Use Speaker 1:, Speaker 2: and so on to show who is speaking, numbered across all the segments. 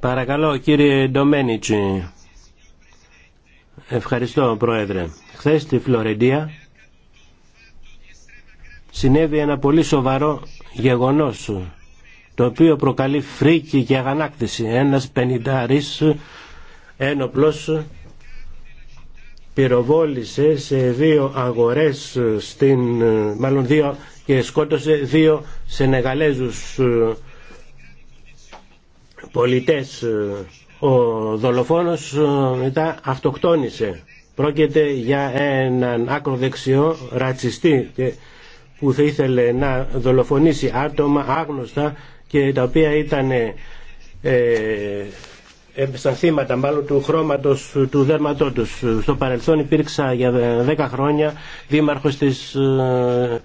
Speaker 1: Παρακαλώ κύριε Ντομένιτσι. Ευχαριστώ Πρόεδρε. Χθε στη Φλωρεντία συνέβη ένα πολύ σοβαρό γεγονός το οποίο προκαλεί φρίκη και αγανάκτηση. Ένας πενιντάρης ένοπλος πυροβόλησε σε δύο αγορές στην, μάλλον δύο και σκότωσε δύο Σενεγαλέζους ε, πολιτές ο δολοφόνος ε, μετά αυτοκτόνησε πρόκειται για έναν άκρο δεξιό ρατσιστή που θα ήθελε να δολοφονήσει άτομα άγνωστα και τα οποία ήταν ε, στα θύματα μάλλον του χρώματος του δέρματός Στο παρελθόν υπήρξα για 10 ε, χρόνια δήμαρχος της ε,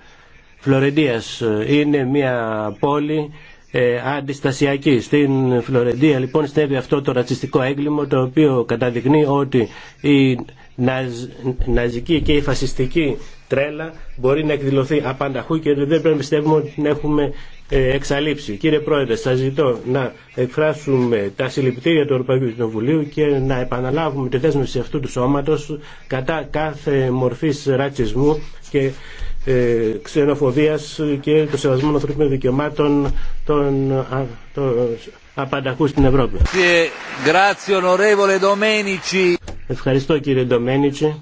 Speaker 1: Φλωρεντίας. Είναι μια πόλη ε, αντιστασιακή. Στην Φλωρεντία λοιπόν στέβει αυτό το ρατσιστικό έγκλημα το οποίο καταδεικνύει ότι η ναζική και η φασιστική τρέλα μπορεί να εκδηλωθεί απανταχού και δεν πρέπει να πιστεύουμε ότι την έχουμε ε, εξαλείψει. Κύριε Πρόεδρε, σα ζητώ να εκφράσουμε τα συλληπιτήρια του Ευρωπαϊκού Κοινοβουλίου και να επαναλάβουμε τη δέσμευση αυτού του σώματο κατά κάθε μορφή ρατσισμού και ε, ξενοφοβία και του σεβασμού ανθρωπίνων δικαιωμάτων των, α, απανταχού στην Ευρώπη. Ευχαριστώ κύριε Ντομένιτσι.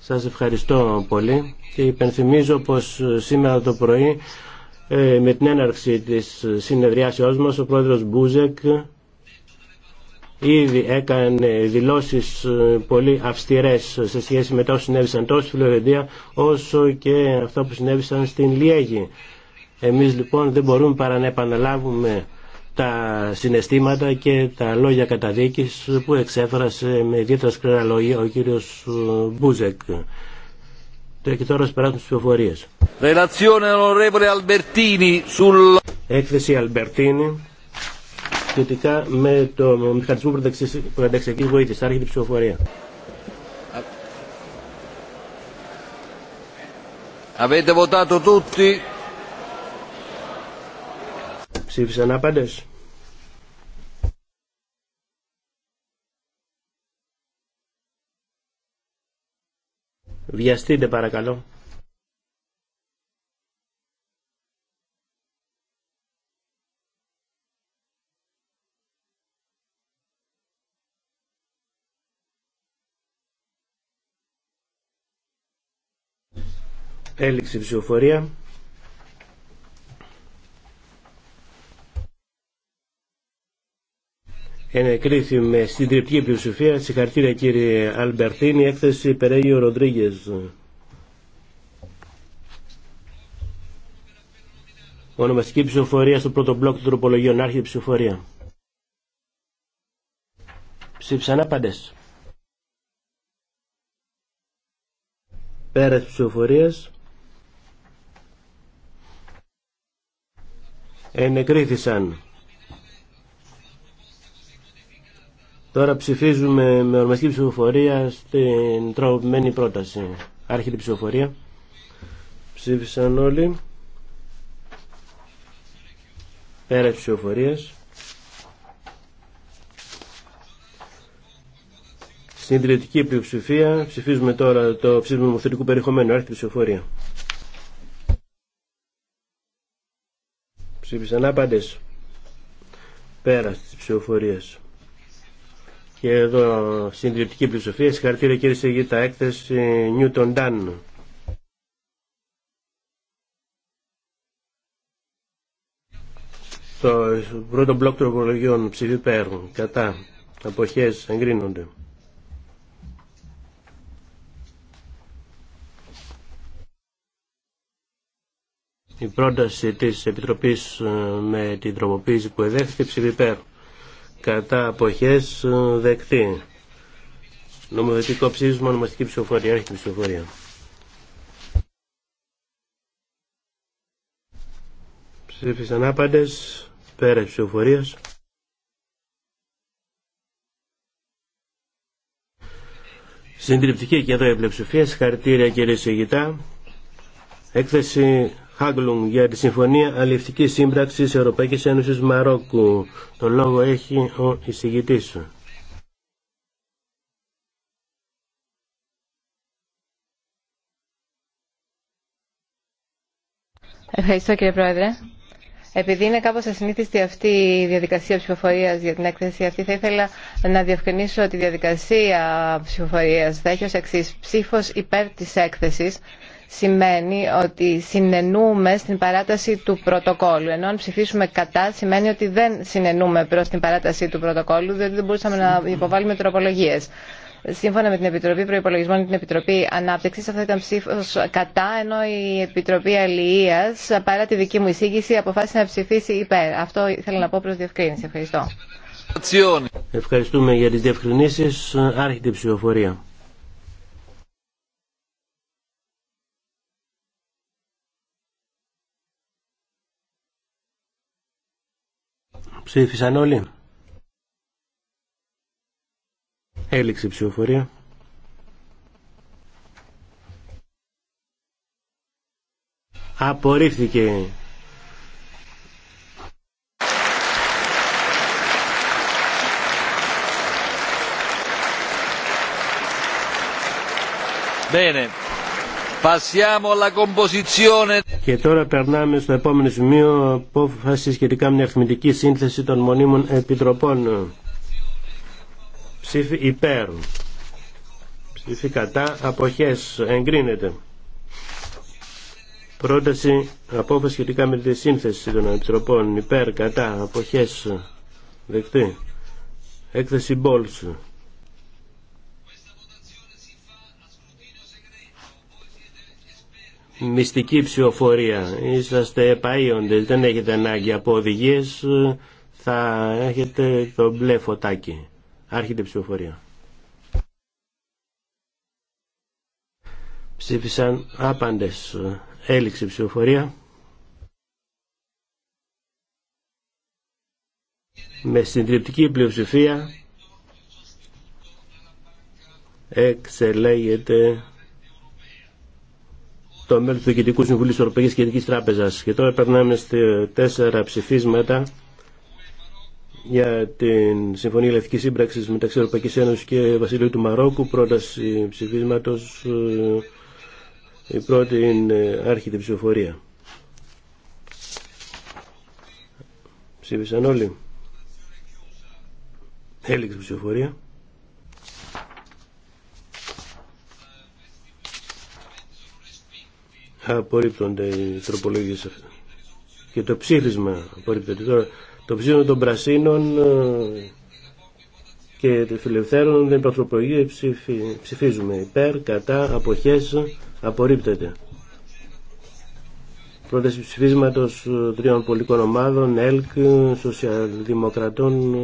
Speaker 1: Σας ευχαριστώ πολύ και υπενθυμίζω πως σήμερα το πρωί ε, με την έναρξη της συνεδριάσεώς μας ο πρόεδρος Μπούζεκ ήδη έκανε δηλώσεις ε, πολύ αυστηρές σε σχέση με τα όσο συνέβησαν τόσο στη Φλωρεντία όσο και αυτά που συνέβησαν στην Λιέγη. Εμείς λοιπόν δεν μπορούμε παρά να επαναλάβουμε τα συναισθήματα και τα λόγια καταδίκης που εξέφρασε με ιδιαίτερα σκληρά λόγια ο κύριος ε, Μπούζεκ. Τώρα και τώρα περάσουμε Έκθεση Αλμπερτίνη σχετικά με το μηχανισμό πρωταξιακής βοήθεια. Άρχεται ψηφοφορία.
Speaker 2: Avete tutti?
Speaker 1: Ψήφισαν άπαντες. Βιαστείτε παρακαλώ. Έληξη ψηφοφορία. Ενεκρίθημε με στην τριπτική πλειοψηφία. Συγχαρητήρια κύριε Αλμπερτίνη, έκθεση Περέγιο Ροντρίγκε. Ονομαστική ψηφοφορία στο πρώτο μπλοκ του τροπολογίου. Άρχιε ψηφοφορία. Ψήφισαν άπαντε. Πέρα τη ψηφοφορία. Ενεκρίθησαν. Τώρα ψηφίζουμε με ορμαστική ψηφοφορία στην τροποποιημένη πρόταση. Άρχεται η ψηφοφορία. Ψήφισαν όλοι. Πέρα της ψηφοφορίας. Συντηρητική πλειοψηφία. Ψηφίζουμε τώρα το ψήφισμα νομοθετικού περιεχομένου. Άρχεται η ψηφοφορία. Ψήφισαν άπαντες. Πέρα της ψηφοφορίας. Και εδώ συντριπτική πλειοψηφία. Συγχαρητήρια κύριε Σεγίτα έκθεση Νιούτον Ντάν. Το πρώτο μπλοκ των ψηφί πέρουν. Κατά. Αποχές εγκρίνονται. Η πρόταση της Επιτροπής ε, με την τροποποίηση που εδέχθηκε ψηφί πέρα κατά αποχές ε, δεκτή. Νομοθετικό ψήφισμα, ονομαστική ψηφοφορία, την ψηφοφορία. Ψήφισαν άπαντες, πέρα ψηφοφορίας. Συντριπτική και εδώ η πλειοψηφία. Συγχαρητήρια κύριε Σιγητά. Έκθεση Χάγκλουμ για τη Συμφωνία Αλληλευτικής Σύμπραξης Ευρωπαϊκής Ένωσης Μαρόκου. Το λόγο έχει ο εισηγητής.
Speaker 2: Ευχαριστώ κύριε Πρόεδρε. Επειδή είναι κάπως ασυνήθιστη αυτή η διαδικασία ψηφοφορίας για την έκθεση αυτή, θα ήθελα να διευκρινίσω ότι η διαδικασία ψηφοφορίας θα έχει ως εξής ψήφος υπέρ της έκθεσης σημαίνει ότι συνενούμε στην παράταση του πρωτοκόλου. Ενώ αν ψηφίσουμε κατά σημαίνει ότι δεν συνενούμε προ την παράταση του πρωτοκόλου διότι δεν μπορούσαμε να υποβάλουμε τροπολογίε. Σύμφωνα με την Επιτροπή Προπολογισμών και την Επιτροπή Ανάπτυξη, αυτό ήταν ψήφο κατά, ενώ η Επιτροπή Αλληλεία, παρά τη δική μου εισήγηση, αποφάσισε να ψηφίσει υπέρ. Αυτό ήθελα να πω προ διευκρίνηση. Ευχαριστώ.
Speaker 1: Ευχαριστούμε για τι διευκρινήσει. Άρχεται η ψηφοφορία. Ψήφισαν όλοι. Έληξε η ψηφοφορία. Απορρίφθηκε. Bene. Και τώρα περνάμε στο επόμενο σημείο απόφαση σχετικά με την αριθμητική σύνθεση των μονίμων επιτροπών. Ψήφι υπέρ. Ψήφι κατά. Αποχέ. Εγκρίνεται. Πρόταση απόφαση σχετικά με τη σύνθεση των επιτροπών. Υπέρ. Κατά. Αποχέ. Δεκτή. Έκθεση Μπόλσου. μυστική ψηφοφορία. Είσαστε παίοντες, δεν έχετε ανάγκη από οδηγίες, θα έχετε το μπλε φωτάκι. Άρχεται η ψηφοφορία. Ψήφισαν άπαντες. Έληξε ψηφοφορία. Με συντριπτική πλειοψηφία εξελέγεται το μέλο του Διοικητικού Συμβουλίου τη Ευρωπαϊκή Κεντρική Τράπεζα. Και τώρα περνάμε στα τέσσερα ψηφίσματα για την Συμφωνία Ελευθερική Σύμπραξη μεταξύ Ευρωπαϊκή Ένωση και Βασιλείου του Μαρόκου. Πρόταση ψηφίσματο ε, η πρώτη είναι άρχιτη ψηφοφορία. Ψήφισαν όλοι. Έληξε ψηφοφορία. απορρίπτονται οι τροπολογίες και το ψήφισμα απορρίπτεται τώρα το ψήφισμα των πρασίνων ε, και των φιλελευθέρων δεν τροπολογία ψηφίζουμε υπέρ, κατά, αποχές απορρίπτεται πρόταση ψηφίσματος ε, τριών πολιτικών ομάδων ΕΛΚ, Σοσιαλδημοκρατών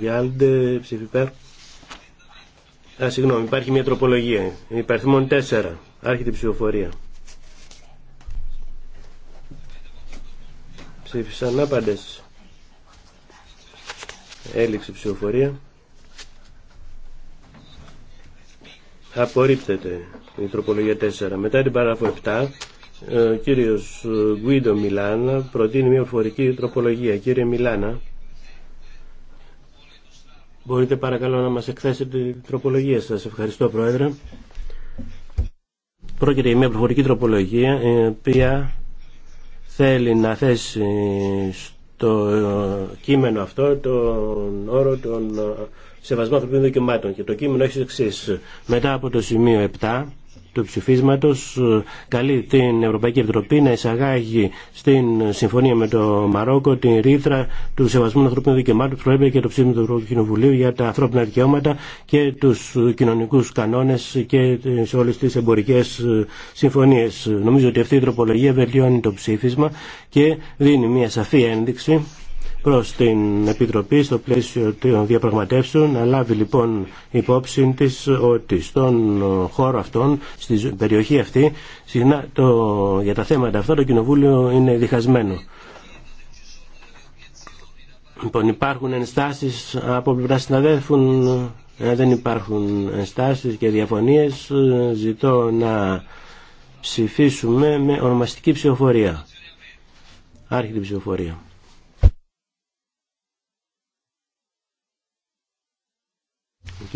Speaker 1: Γιάλτε ε, ψηφίπερ. Α, συγγνώμη, υπάρχει μια τροπολογία. μόνο τέσσερα Άρχεται η ψηφοφορία. Ψήφισαν άπαντες. έληξη ψηφοφορία. Απορρίπτεται η τροπολογία 4. Μετά την παράγραφο 7, ε, ο κύριος ε, Γκουίντο Μιλάνα προτείνει μια φορική τροπολογία. Κύριε Μιλάνα, μπορείτε παρακαλώ να μας εκθέσετε την τροπολογία σας. Ευχαριστώ Πρόεδρε. Πρόκειται για μια προφορική τροπολογία η ε, οποία θέλει να θέσει στο κείμενο αυτό τον όρο των ε, Σεβασμών ανθρωπίνων δικαιωμάτων και το κείμενο έχει εξή. Μετά από το σημείο 7 του ψηφίσματο. Ε, καλεί την Ευρωπαϊκή Επιτροπή να εισαγάγει στην συμφωνία με το Μαρόκο την ρήτρα του Σεβασμού Ανθρωπίνων Δικαιωμάτων που και το ψήφισμα του Ευρωπαϊκού Κοινοβουλίου για τα ανθρώπινα δικαιώματα και τους κοινωνικούς κανόνες και σε όλες τις εμπορικές ε, συμφωνίες. Νομίζω ότι αυτή η τροπολογία βελτιώνει το ψήφισμα και δίνει μια σαφή ένδειξη προς την Επιτροπή στο πλαίσιο των διαπραγματεύσεων να λάβει λοιπόν υπόψη της ότι στον χώρο αυτόν, στην περιοχή αυτή, συχνά το, για τα θέματα αυτά το Κοινοβούλιο είναι διχασμένο. Λοιπόν, υπάρχουν ενστάσεις από πλευρά συναδέλφων, ε, δεν υπάρχουν ενστάσεις και διαφωνίες, ζητώ να ψηφίσουμε με ονομαστική ψηφοφορία. Άρχιτη ψηφοφορία.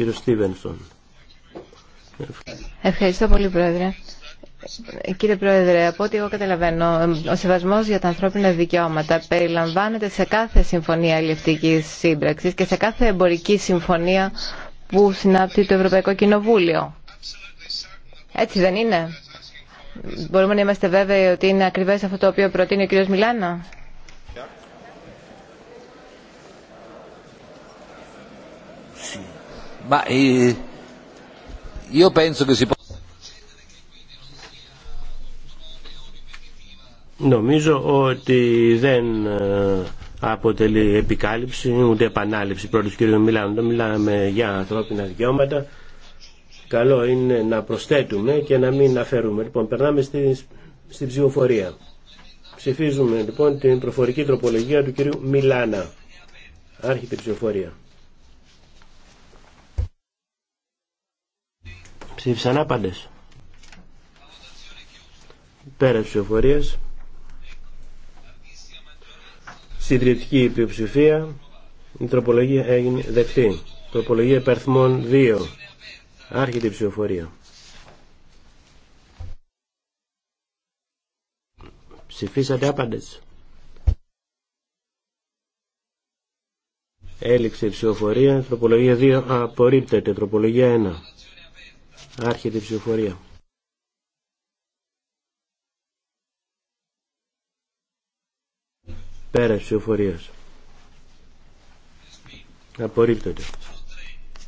Speaker 1: Ο Στίβενσον.
Speaker 2: Ευχαριστώ πολύ, Πρόεδρε. Κύριε Πρόεδρε, από ό,τι εγώ καταλαβαίνω, ο σεβασμό για τα ανθρώπινα δικαιώματα περιλαμβάνεται σε κάθε συμφωνία αλληλευτική σύμπραξη και σε κάθε εμπορική συμφωνία που συνάπτει το Ευρωπαϊκό Κοινοβούλιο. Έτσι δεν είναι. Μπορούμε να είμαστε βέβαιοι ότι είναι ακριβές αυτό το οποίο προτείνει ο κ. Μιλάνα. Ma eh, io penso
Speaker 1: Νομίζω ότι δεν ε, αποτελεί επικάλυψη ούτε επανάληψη πρώτος κ. Μιλάνου. Μιλάμε για ανθρώπινα δικαιώματα. Καλό είναι να προσθέτουμε και να μην αφαιρούμε. Λοιπόν, περνάμε στην ψηφοφορία. Ψηφίζουμε λοιπόν την προφορική τροπολογία του κύριου Μιλάνα. Άρχεται η ψηφοφορία. Ψήφισαν άπαντες. Πέρα ψηφοφορίας. Συντριπτική πλειοψηφία. Η τροπολογία έγινε δεκτή. Τροπολογία υπερθμών 2. Άρχεται η ψηφοφορία. Ψηφίσατε άπαντες. Έληξε η ψηφοφορία. Τροπολογία 2 απορρίπτεται. Τροπολογία 1. Άρχεται η ψηφοφορία. Πέρα ψηφοφορίας. Απορρίπτεται.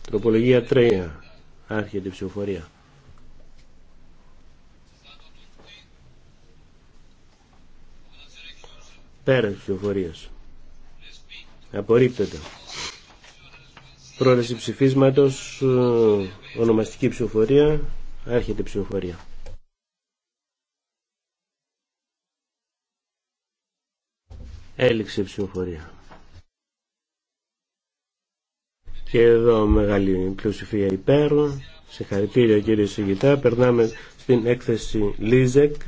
Speaker 1: Τροπολογία 3. Άρχεται η ψηφοφορία. Πέρα ψηφοφορίας. Απορρίπτεται πρόλεση ψηφίσματος, ε, ονομαστική ψηφοφορία, άρχεται ψηφοφορία. Έληξε ψηφοφορία. Και εδώ μεγάλη πλειοψηφία υπέρ. Σε χαρακτήρια κύριε Σιγητά. Περνάμε στην έκθεση Λίζεκ.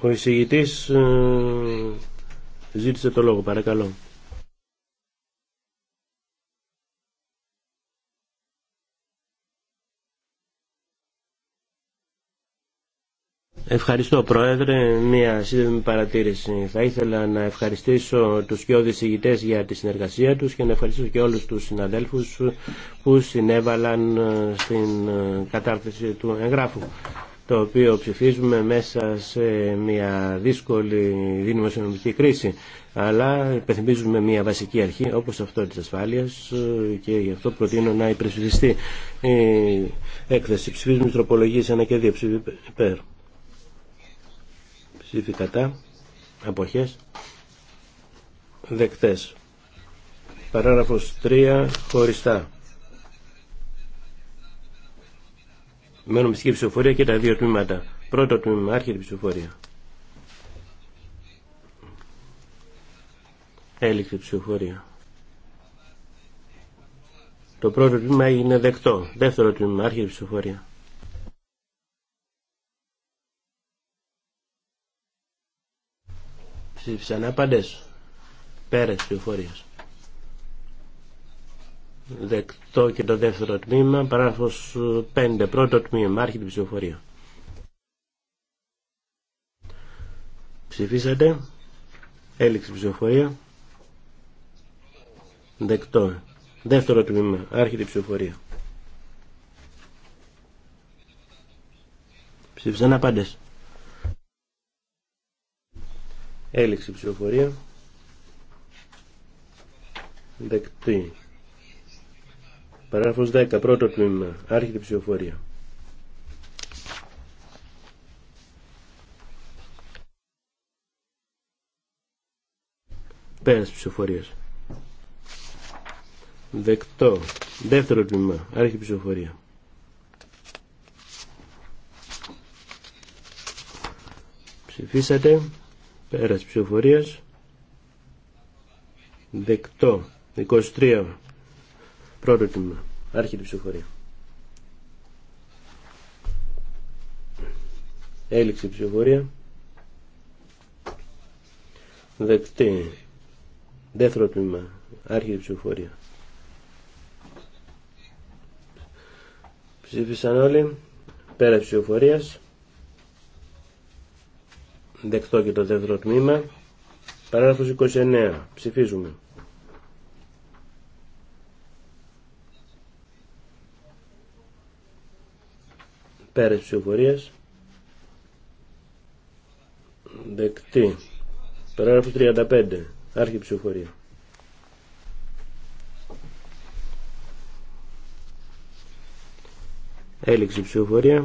Speaker 1: Ο εισηγητής ε, ζήτησε το λόγο, παρακαλώ. Ευχαριστώ Πρόεδρε. Μία σύντομη παρατήρηση. Θα ήθελα να ευχαριστήσω τους πιο δυσηγητές για τη συνεργασία τους και να ευχαριστήσω και όλους τους συναδέλφους που συνέβαλαν ε, στην ε, κατάρτιση του εγγράφου το οποίο ψηφίζουμε μέσα σε μια δύσκολη δημοσιονομική κρίση. Αλλά υπενθυμίζουμε μια βασική αρχή όπως αυτό της ασφάλειας και γι' αυτό προτείνω να υπερσυζητηθεί η έκθεση. Ψηφίζουμε τροπολογίες 1 και 2 ψήφι υπέρ. Ψήφι κατά. Αποχές. Δεκτές. Παράγραφος 3 χωριστά. μένουμε νομιστική ψηφοφορία και τα δύο τμήματα. Πρώτο τμήμα, την ψηφοφορία. Έληξε ψηφοφορία. Το πρώτο τμήμα είναι δεκτό. Δεύτερο τμήμα, την ψηφοφορία. Ψήφισαν απαντές. της ψηφοφορίας. Δεκτό και το δεύτερο τμήμα. Παράγραφος 5. Ε, πρώτο τμήμα. άρχιτη ψηφοφορία. Ψηφίσατε. Έληξη ψηφοφορία. Δεκτό. Δεύτερο τμήμα. άρχιτη ψηφοφορία. Ψήφισαν απάντες. Έληξη ψηφοφορία. Δεκτή. Παράγραφος 10. Πρώτο τμήμα. Άρχιτε ψηφοφορία. Πέρας ψηφοφορίας. Δεκτό. Δεύτερο τμήμα. Άρχιτε ψηφοφορία. Ψηφίσατε. Πέρας ψηφοφορίας. Δεκτό. 23. Πρώτο τμήμα. Άρχεται η ψηφοφορία. Έληξε η ψηφοφορία. Δεκτή. Δεύτερο τμήμα. Άρχεται ψηφοφορία. Ψήφισαν όλοι. Πέρα ψηφοφορία. Δεκτό και το δεύτερο τμήμα. Παράγραφος 29. Ψηφίζουμε. Πέρα της ψηφοφορίας. Δεκτή. Παράγραφος 35. Άρχη ψηφοφορία. Έληξη ψηφοφορία.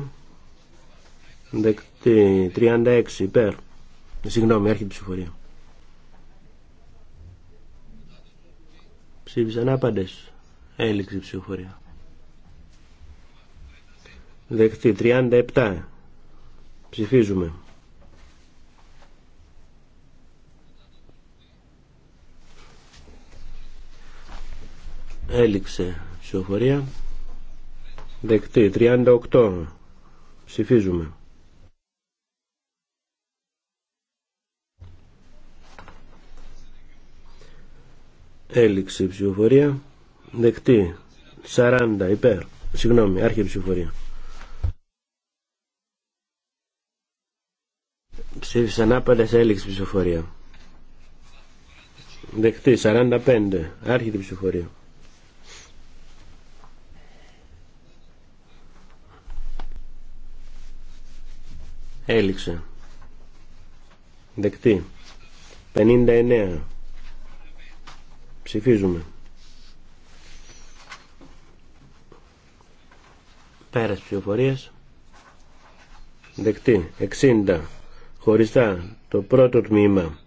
Speaker 1: Δεκτή. 36 υπέρ. Συγγνώμη, άρχη ψηφοφορία. Ψήφισαν άπαντες. Έληξη ψηφοφορία. Δεκτεί. 37. Ψηφίζουμε. Έληξε ψηφοφορία. Δεκτεί. 38. Ψηφίζουμε. Έληξε ψηφοφορία. Δεκτή. 40 υπέρ. Συγγνώμη, άρχη ψηφοφορία. Ψήφισαν σε έληξη ψηφοφορία. Δεκτή 45. Άρχεται η ψηφοφορία. Έληξε. Δεκτή. 59. Ψηφίζουμε. Πέρας ψηφοφορίας. Δεκτή. 60 χωριστά το πρώτο τμήμα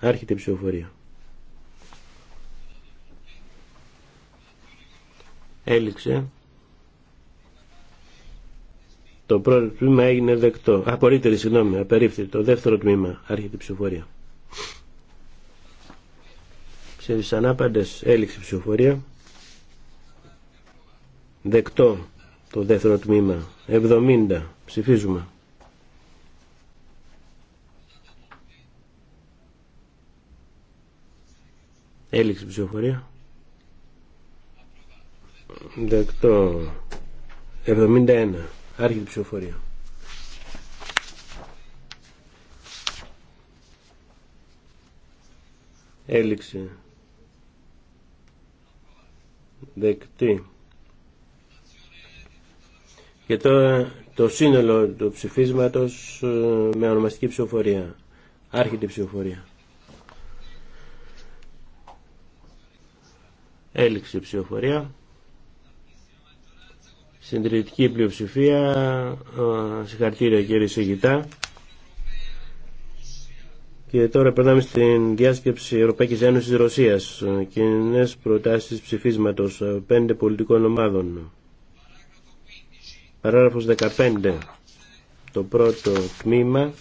Speaker 1: άρχιτε η ψηφοφορία έληξε το πρώτο τμήμα έγινε δεκτό απορρίτερη συγγνώμη απερίφθη το δεύτερο τμήμα άρχιτε η ψηφοφορία σε έληξε ψηφοφορία δεκτό το δεύτερο τμήμα 70 ψηφίζουμε Έληξη ψηφοφορία. Δεκτό. 71. Άρχιτη ψηφοφορία. Έληξη. Δεκτή. Και τώρα το σύνολο του ψηφίσματος ε, με ονομαστική ψηφοφορία. Άρχιτη ψηφοφορία. Έληξε ψηφοφορία. Συντηρητική πλειοψηφία. Συγχαρητήρια κύριε Σιγητά. Και τώρα περνάμε στην διάσκεψη Ευρωπαϊκής Ένωσης Ρωσίας. Κοινέ προτάσεις ψηφίσματος πέντε πολιτικών ομάδων. Παράγραφος 15. Το πρώτο τμήμα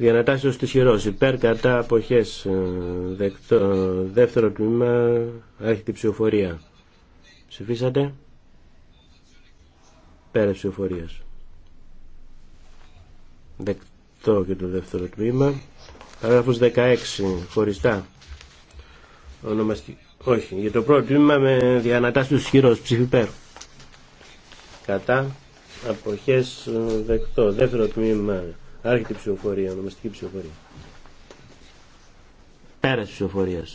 Speaker 1: Διανατάσσεως της χειρός, υπέρ κατά αποχές, ε, δεκτό, δεύτερο τμήμα, την ψηφοφορία. Ψηφίσατε. Πέρα ψηφοφορίας. Δεκτό και το δεύτερο τμήμα. Παράγραφος 16, χωριστά. Ονομαστική. Όχι, για το πρώτο τμήμα με διανατάσσεως της χειρός, ψηφί Κατά, αποχές ε, δεκτό. Δεύτερο τμήμα Άρχεται η ψηφοφορία, ονομαστική ψηφοφορία. Πέρας ψηφοφορία.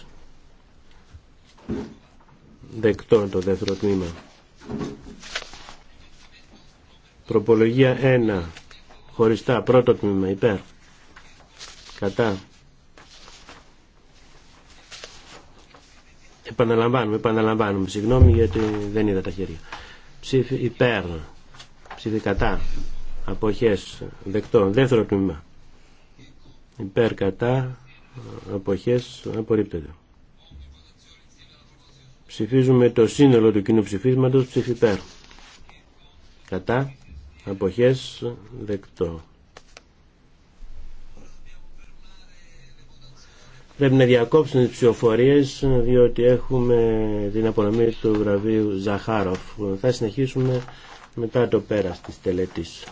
Speaker 1: Δεκτό το δεύτερο τμήμα. Τροπολογία 1. Χωριστά. Πρώτο τμήμα. Υπέρ. Κατά. Επαναλαμβάνουμε, επαναλαμβάνουμε. Συγγνώμη γιατί δεν είδα τα χέρια. Ψήφι υπέρ. Ψήφι κατά αποχές δεκτό δεύτερο τμήμα υπέρ κατά αποχές απορρίπτεται ψηφίζουμε το σύνολο του κοινού ψηφίσματος ψηφιπέρ κατά αποχές δεκτό Πρέπει να διακόψουν τις ψηφοφορίες διότι έχουμε την απονομή του βραβείου Ζαχάροφ. Θα συνεχίσουμε μετά το πέρας της τελετής.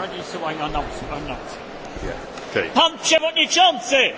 Speaker 1: Radzie Pan Przewodniczący!